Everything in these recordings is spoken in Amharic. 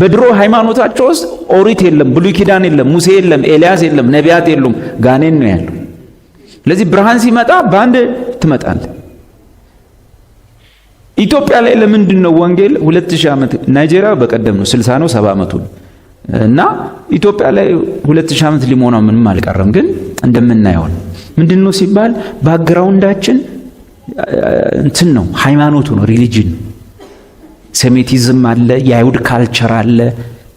በድሮ ሃይማኖታቸው ውስጥ ኦሪት የለም፣ ብሉይ ኪዳን የለም፣ ሙሴ የለም፣ ኤልያስ የለም፣ ነቢያት የሉም፣ ጋኔን ነው ያለው። ስለዚህ ብርሃን ሲመጣ በአንድ ትመጣል። ኢትዮጵያ ላይ ለምንድን ነው ወንጌል ሁለት ሺህ ዓመት ናይጄሪያ በቀደም ነው ስልሳ ነው ሰባ ዓመቱ እና ኢትዮጵያ ላይ ሁለት ሺህ ዓመት ሊሞላው ምንም አልቀረም። ግን እንደምናየው ምንድን ነው ሲባል ባግራውንዳችን እንትን ነው ሃይማኖቱ ነው ሪሊጅን ነው ሴሜቲዝም አለ፣ የአይሁድ ካልቸር አለ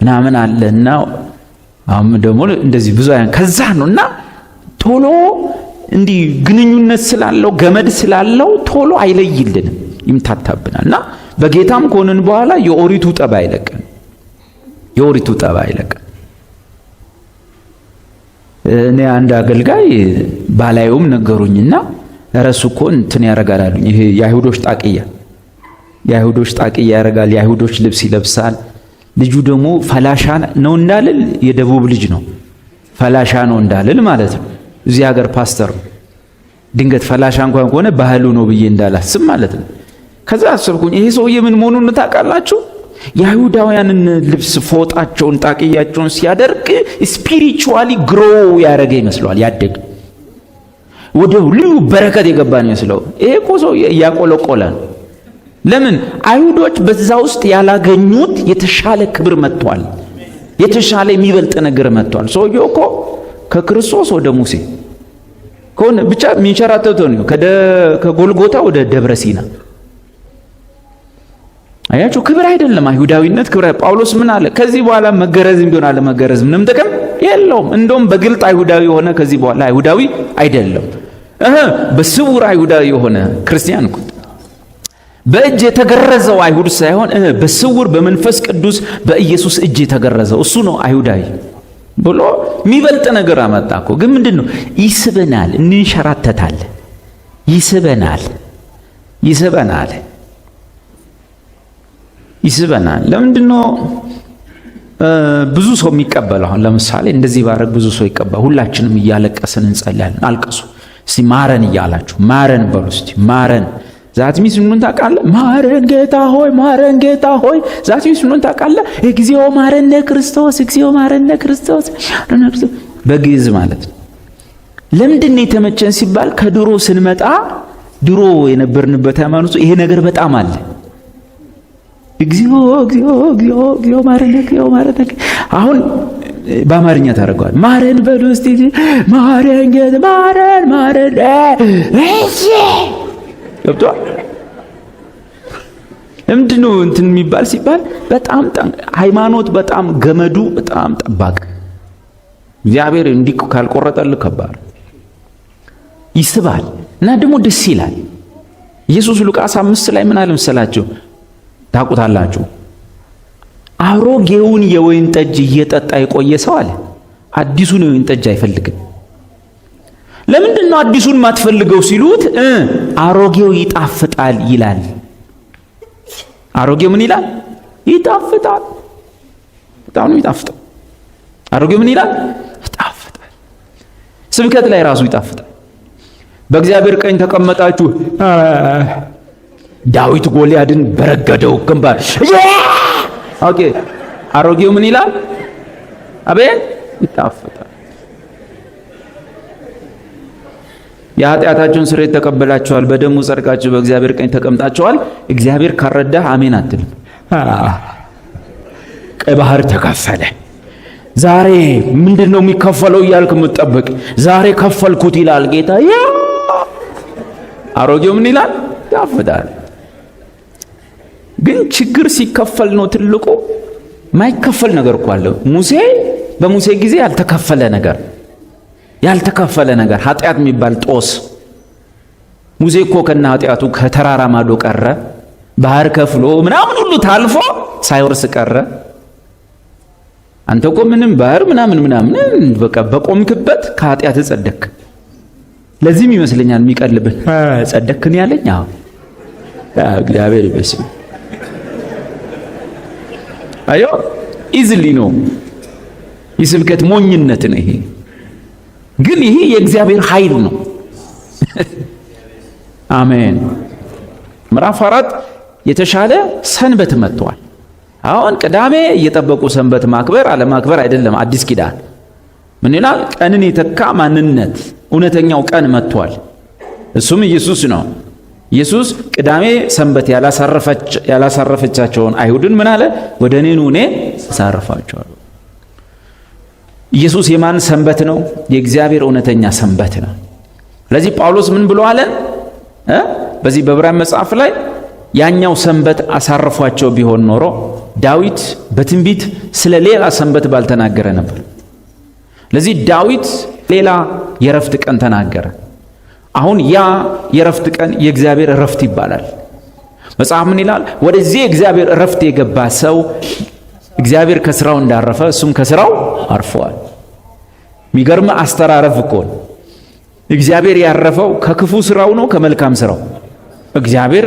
ምናምን አለ እና አሁን ደግሞ እንደዚህ ብዙ ከዛ ነው እና ቶሎ እንዲህ ግንኙነት ስላለው ገመድ ስላለው ቶሎ አይለይልንም፣ ይምታታብናል እና በጌታም ከሆንን በኋላ የኦሪቱ ጠባ አይለቅን፣ የኦሪቱ ጠባ አይለቅን። እኔ አንድ አገልጋይ ባላዩም ነገሩኝና ረሱ እኮ እንትን ያረጋላሉኝ ይሄ የአይሁዶች ጣቅያ የአይሁዶች ጣቅያ ያደርጋል፣ የአይሁዶች ልብስ ይለብሳል። ልጁ ደግሞ ፈላሻ ነው እንዳልል የደቡብ ልጅ ነው። ፈላሻ ነው እንዳልል ማለት ነው። እዚህ ሀገር ፓስተር ነው። ድንገት ፈላሻ እንኳን ከሆነ ባህሉ ነው ብዬ እንዳላስብ ማለት ነው። ከዛ አሰብኩኝ፣ ይሄ ሰውዬ ምን መሆኑን ታውቃላችሁ? የአይሁዳውያንን ልብስ ፎጣቸውን፣ ጣቅያቸውን ሲያደርግ ስፒሪቹዋሊ ግሮ ያደረገ ይመስለዋል። ያደግ ወደ ልዩ በረከት የገባ ነው ይመስለው። ይሄ እኮ ሰው እያቆለቆለ ነው ለምን አይሁዶች በዛ ውስጥ ያላገኙት የተሻለ ክብር መጥቷል። የተሻለ የሚበልጥ ነገር መጥቷል። ሰውየው እኮ ከክርስቶስ ወደ ሙሴ ከሆነ ብቻ የሚንሸራተተው ነው። ከጎልጎታ ወደ ደብረ ሲና አያችሁ፣ ክብር አይደለም አይሁዳዊነት ክብር። ጳውሎስ ምን አለ? ከዚህ በኋላ መገረዝም ቢሆን አለ መገረዝ ምንም ጥቅም የለውም። እንደውም በግልጥ አይሁዳዊ የሆነ ከዚህ በኋላ አይሁዳዊ አይደለም በስውር አይሁዳዊ የሆነ ክርስቲያን እኮ በእጅ የተገረዘው አይሁድ ሳይሆን በስውር በመንፈስ ቅዱስ በኢየሱስ እጅ የተገረዘው እሱ ነው አይሁዳዊ ብሎ የሚበልጥ ነገር አመጣ እኮ። ግን ምንድን ነው ይስበናል፣ እንንሸራተታል፣ ይስበናል፣ ይስበናል፣ ይስበናል። ለምንድን ነው ብዙ ሰው የሚቀበለው? አሁን ለምሳሌ እንደዚህ ባረግ ብዙ ሰው ይቀበል። ሁላችንም እያለቀስን እንጸልያለን። አልቀሱ እስቲ ማረን እያላችሁ ማረን በሉ እስቲ ማረን ዛት ሚስ ምኑን ታውቃለህ? ማረን ጌታ ሆይ ማረን ጌታ ሆይ። ዛት ሚስ ምኑን ታውቃለህ? እግዚኦ ማረነ ክርስቶስ እግዚኦ ማረነ ክርስቶስ በግዕዝ ማለት ነው። ለምንድን ነው የተመቸን ሲባል ከድሮ ስንመጣ ድሮ የነበርንበት ሃይማኖት ይሄ ነገር በጣም አለ። እግዚኦ እግዚኦ እግዚኦ እግዚኦ ማረነ እግዚኦ ማረነ። አሁን በአማርኛ ታደርገዋል። ማረን በሉ እስቲ ማረን ጌታ ማረን ማረን እሺ ገብቷል። ምንድነው እንትን የሚባል ሲባል በጣም ሃይማኖት በጣም ገመዱ በጣም ጠባቅ እግዚአብሔር እንዲህ ካልቆረጠልህ ከባድ ይስባል እና ደግሞ ደስ ይላል። ኢየሱስ ሉቃስ አምስት ላይ ምን አለ መሰላችሁ? ታውቁታላችሁ። አሮጌውን የወይን ጠጅ እየጠጣ የቆየ ሰው አለ አዲሱን የወይን ጠጅ አይፈልግም። ለምንድን ነው አዲሱን ማትፈልገው ሲሉት አሮጌው ይጣፍጣል ይላል። አሮጌው ምን ይላል? ይጣፍጣል። በጣም ነው ይጣፍጣል። አሮጌው ምን ይላል? ይጣፍጣል። ስብከት ላይ ራሱ ይጣፍጣል። በእግዚአብሔር ቀኝ ተቀመጣችሁ ዳዊት ጎልያድን በረገደው ግንባር። ኦኬ አሮጌው ምን ይላል? አቤት ይጣፍጣል። የኃጢአታችሁን ስርየት ተቀበላችኋል፣ በደሙ ጸድቃችሁ በእግዚአብሔር ቀኝ ተቀምጣችኋል። እግዚአብሔር ካረዳህ አሜን አትልም። ቀይ ባህር ተከፈለ። ዛሬ ምንድን ነው የሚከፈለው እያልክ የምትጠብቅ ዛሬ ከፈልኩት ይላል ጌታ። ያ አሮጌው ምን ይላል ያፍዳል። ግን ችግር ሲከፈል ነው ትልቁ። ማይከፈል ነገር እኮ አለ። ሙሴ በሙሴ ጊዜ ያልተከፈለ ነገር ያልተከፈለ ነገር ኃጢአት የሚባል ጦስ። ሙሴ እኮ ከነ ኃጢአቱ ከተራራ ማዶ ቀረ፣ ባህር ከፍሎ ምናምን ሁሉ ታልፎ ሳይወርስ ቀረ። አንተ እኮ ምንም ባህር ምናምን ምናምን በቃ በቆምክበት ከኃጢአት ጸደክ። ለዚህም ይመስለኛል የሚቀልብን ጸደክን ያለኝ። አዎ እግዚአብሔር ይበስ አዮ ኢዝሊ ነው የስብከት ሞኝነት ነው ይሄ። ግን ይሄ የእግዚአብሔር ኃይል ነው። አሜን። ምዕራፍ አራት የተሻለ ሰንበት መጥቷል። አሁን ቅዳሜ እየጠበቁ ሰንበት ማክበር አለማክበር አይደለም። አዲስ ኪዳን ምን ይላል? ቀንን የተካ ማንነት እውነተኛው ቀን መጥቷል። እሱም ኢየሱስ ነው። ኢየሱስ ቅዳሜ ሰንበት ያላሳረፈቻቸውን አይሁድን ምን አለ? ወደ እኔ እኔ አሳርፋቸዋለሁ። ኢየሱስ የማን ሰንበት ነው? የእግዚአብሔር እውነተኛ ሰንበት ነው። ስለዚህ ጳውሎስ ምን ብሎ አለ? በዚህ በዕብራውያን መጽሐፍ ላይ ያኛው ሰንበት አሳርፏቸው ቢሆን ኖሮ ዳዊት በትንቢት ስለ ሌላ ሰንበት ባልተናገረ ነበር። ለዚህ ዳዊት ሌላ የእረፍት ቀን ተናገረ። አሁን ያ የእረፍት ቀን የእግዚአብሔር እረፍት ይባላል። መጽሐፍ ምን ይላል? ወደዚህ የእግዚአብሔር እረፍት የገባ ሰው እግዚአብሔር ከስራው እንዳረፈ እሱም ከስራው አርፈዋል። የሚገርም አስተራረፍ እኮ ነው። እግዚአብሔር ያረፈው ከክፉ ስራው ነው ከመልካም ስራው? እግዚአብሔር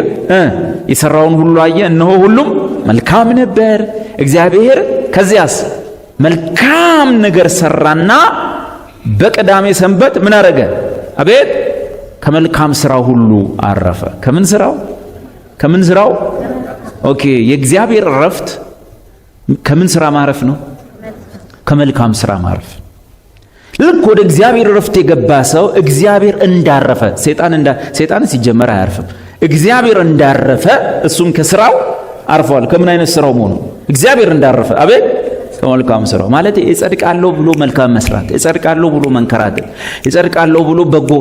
የሰራውን ሁሉ አየ፣ እነሆ ሁሉም መልካም ነበር። እግዚአብሔር ከዚያስ መልካም ነገር ሰራና በቅዳሜ ሰንበት ምን አረገ? አቤት ከመልካም ስራው ሁሉ አረፈ። ከምን ስራው? ከምን ስራው? ኦኬ የእግዚአብሔር እረፍት ከምን ስራ ማረፍ ነው? ከመልካም ስራ ማረፍ ልክ ወደ እግዚአብሔር ረፍት የገባ ሰው እግዚአብሔር እንዳረፈ ሴጣን ሲጀመር አያርፍም። እግዚአብሔር እንዳረፈ እሱም ከስራው አርፈዋል። ከምን አይነት ስራው መሆኑ እግዚአብሔር እንዳረፈ አቤት ከመልካም ስራው ማለት እጸድቃለሁ ብሎ መልካም መስራት፣ እጸድቃለሁ ብሎ መንከራተት፣ እጸድቃለሁ ብሎ በጎ፣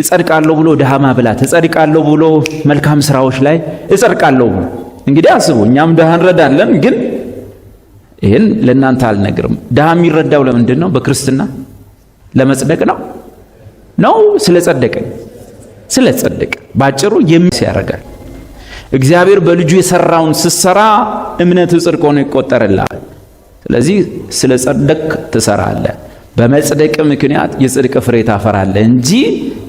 እጸድቃለሁ ብሎ ድሃ ማብላት፣ እጸድቃለሁ ብሎ መልካም ስራዎች ላይ እጸድቃለሁ ብሎ እንግዲህ አስቡ። እኛም ድሃ እንረዳለን፣ ግን ይህን ለእናንተ አልነግርም። ድሃ የሚረዳው ለምንድን ነው? በክርስትና ለመጽደቅ ነው ነው ስለ ጸደቀ ስለ ጸደቀ ባጭሩ የሚስ ያደርጋል። እግዚአብሔር በልጁ የሰራውን ስትሰራ እምነት ጽድቅ ሆኖ ይቆጠርልሃል። ስለዚህ ስለ ጸደቅ ትሰራለህ። በመጽደቅ ምክንያት የጽድቅ ፍሬ ታፈራለ እንጂ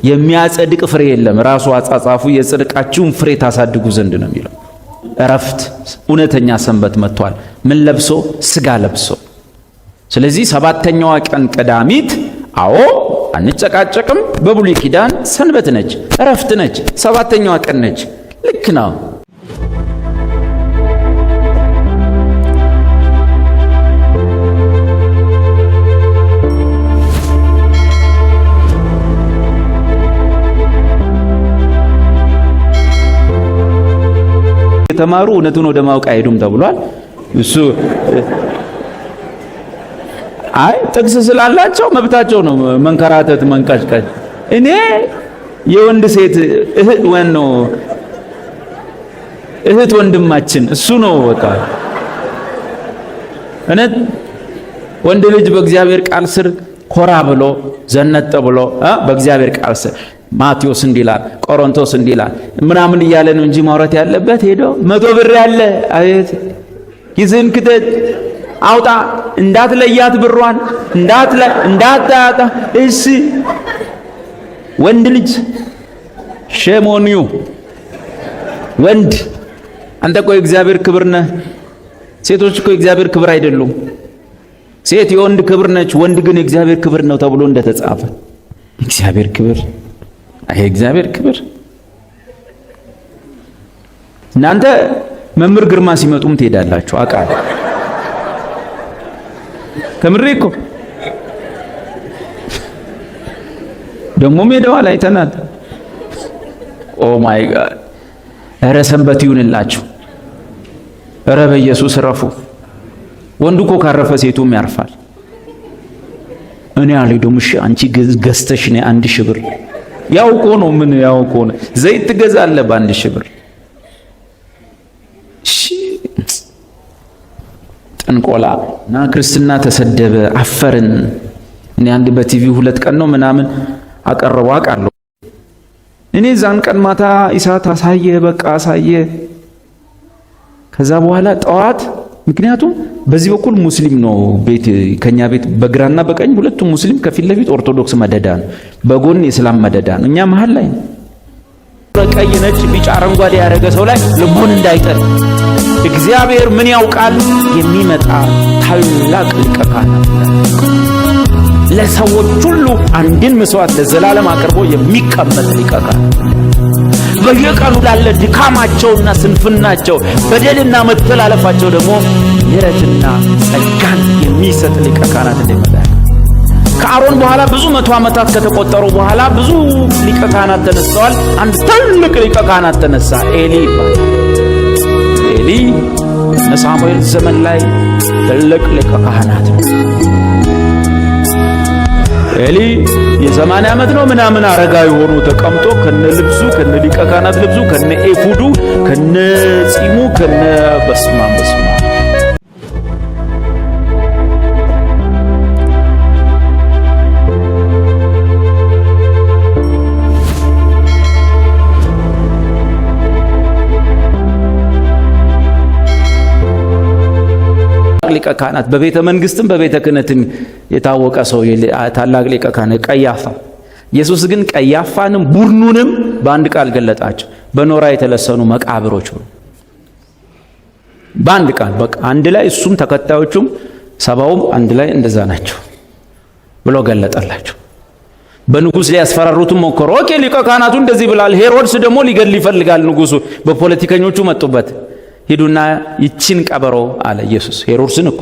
የሚያጸድቅ ፍሬ የለም። ራሱ አጻጻፉ የጽድቃችሁን ፍሬ ታሳድጉ ዘንድ ነው የሚለው። እረፍት እውነተኛ ሰንበት መጥቷል። ምን ለብሶ? ስጋ ለብሶ። ስለዚህ ሰባተኛዋ ቀን ቀዳሚት አዎ አንጨቃጨቅም። በብሉይ ኪዳን ሰንበት ነች፣ እረፍት ነች፣ ሰባተኛዋ ቀን ነች። ልክ ነው። የተማሩ እውነቱን ወደ ማወቅ አይሄዱም ተብሏል። እሱ አይ ጥቅስ ስላላቸው መብታቸው ነው መንከራተት፣ መንቀሽቀሽ። እኔ የወንድ ሴት እህት ወን ነው እህት ወንድማችን እሱ ነው በቃ እኔ ወንድ ልጅ በእግዚአብሔር ቃል ስር ኮራ ብሎ ዘነጠ ብሎ በእግዚአብሔር ቃል ስር ማቴዎስ እንዲላል ቆሮንቶስ እንዲላል ምናምን እያለ ነው እንጂ ማውራት ያለበት ሄዶ መቶ ብር ያለ አቤት ይዝህን ክተት አውጣ እንዳትለያት ብሯን እንዳታጣ። እሺ ወንድ ልጅ ሸሞኒዩ ወንድ አንተ እኮ የእግዚአብሔር ክብር ነህ። ሴቶች እኮ የእግዚአብሔር ክብር አይደሉም። ሴት የወንድ ክብር ነች፣ ወንድ ግን የእግዚአብሔር ክብር ነው ተብሎ እንደተጻፈ እግዚአብሔር ክብር አይ እግዚአብሔር ክብር። እናንተ መምህር ግርማ ሲመጡም ትሄዳላችሁ አውቃለሁ። ከምሬ እኮ ደግሞ ሜዳዋ ላይ አይተናል። ኦ ማይ ጋድ! እረ ሰንበት ይሁንላችሁ። እረ በኢየሱስ ረፉ። ወንዱ እኮ ካረፈ ሴቱም ያርፋል። እኔ አልሄድም። እሺ አንቺ ገዝተሽ ነይ አንድ ሺህ ብር ያው እኮ ነው። ምን ያው ነው። ዘይት ትገዛለህ በአንድ ሺህ ብር እንቆላ እና ክርስትና ተሰደበ፣ አፈርን። እኔ አንድ በቲቪ ሁለት ቀን ነው ምናምን አቀረቡ አውቃለሁ። እኔ እዛን ቀን ማታ ኢሳት አሳየ፣ በቃ አሳየ። ከዛ በኋላ ጠዋት ምክንያቱም በዚህ በኩል ሙስሊም ነው ቤት ከኛ ቤት በግራና በቀኝ ሁለቱም ሙስሊም፣ ከፊት ለፊት ኦርቶዶክስ መደዳ ነው፣ በጎን የእስላም መደዳ ነው። እኛ መሀል ላይ ነው። በቀይ ነጭ፣ ቢጫ፣ አረንጓዴ ያደረገ ሰው ላይ ልቡን እንዳይጠር እግዚአብሔር ምን ያውቃል? የሚመጣ ታላቅ ሊቀ ለሰዎች ሁሉ አንድን መስዋዕት ለዘላለም አቅርቦ የሚቀመጥ ሊቀ በየቀኑ ላለ ድካማቸውና ስንፍናቸው በደልና መተላለፋቸው ደግሞ ምረትና ጸጋን የሚሰጥ ሊቀ ካህናት እንደሚመጣ ከአሮን በኋላ ብዙ መቶ ዓመታት ከተቆጠሩ በኋላ ብዙ ሊቀ ካህናት ተነስተዋል። አንድ ትልቅ ሊቀ ካህናት ተነሳ። ኤሊ ይባላል። ኤሊ በሳሙኤል ዘመን ላይ ትልቅ ሊቀ ካህናት ነው። ኤሊ የዘማን ዓመት ነው ምናምን አረጋዊ ሆኖ ተቀምጦ ከነ ልብሱ ከነ ሊቀ ካህናት ልብሱ ከነ ኤፉዱ ከነ ጺሙ ከነ በስማም በስማ ሊቀ ካህናት በቤተ መንግስትም በቤተ ክህነትም የታወቀ ሰው ታላቅ ሊቀ ካህናት ቀያፋ። ኢየሱስ ግን ቀያፋንም ቡድኑንም በአንድ ቃል ገለጣቸው። በኖራ የተለሰኑ መቃብሮች ነው። በአንድ ቃል በቃ አንድ ላይ እሱም ተከታዮቹም ሰባውም አንድ ላይ እንደዛ ናቸው ብሎ ገለጠላቸው። በንጉስ ሊያስፈራሩትም ሞከሩ። ኦኬ ሊቀ ካህናቱ እንደዚህ ብላል፣ ሄሮድስ ደግሞ ሊገድል ይፈልጋል ንጉሱ። በፖለቲከኞቹ መጡበት። ሂዱና ይቺን ቀበሮ አለ ኢየሱስ ሄሮድስን እኮ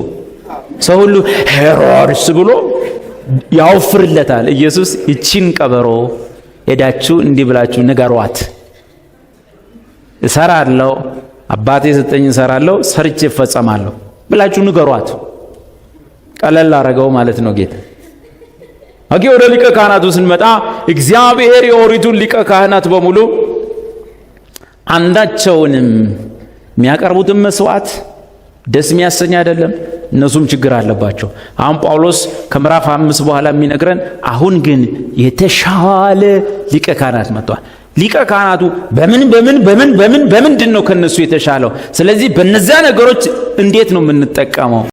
ሰው ሁሉ ሄሮድስ ብሎ ያወፍርለታል። ኢየሱስ ይቺን ቀበሮ ሄዳችሁ እንዲህ ብላችሁ ንገሯት፣ እሰራለሁ፣ አባቴ የሰጠኝ እሰራለሁ፣ ሰርቼ እፈጸማለሁ ብላችሁ ንገሯት። ቀለል አረገው ማለት ነው ጌታ። አቂ ወደ ሊቀ ካህናቱ ስንመጣ እግዚአብሔር የኦሪቱን ሊቀ ካህናት በሙሉ አንዳቸውንም የሚያቀርቡትም መስዋዕት ደስ የሚያሰኝ አይደለም። እነሱም ችግር አለባቸው። አሁን ጳውሎስ ከምዕራፍ አምስት በኋላ የሚነግረን አሁን ግን የተሻለ ሊቀ ካህናት መጥቷል። ሊቀ ካህናቱ በምን በምን በምን በምን በምንድን ነው ከነሱ የተሻለው? ስለዚህ በነዚያ ነገሮች እንዴት ነው የምንጠቀመው?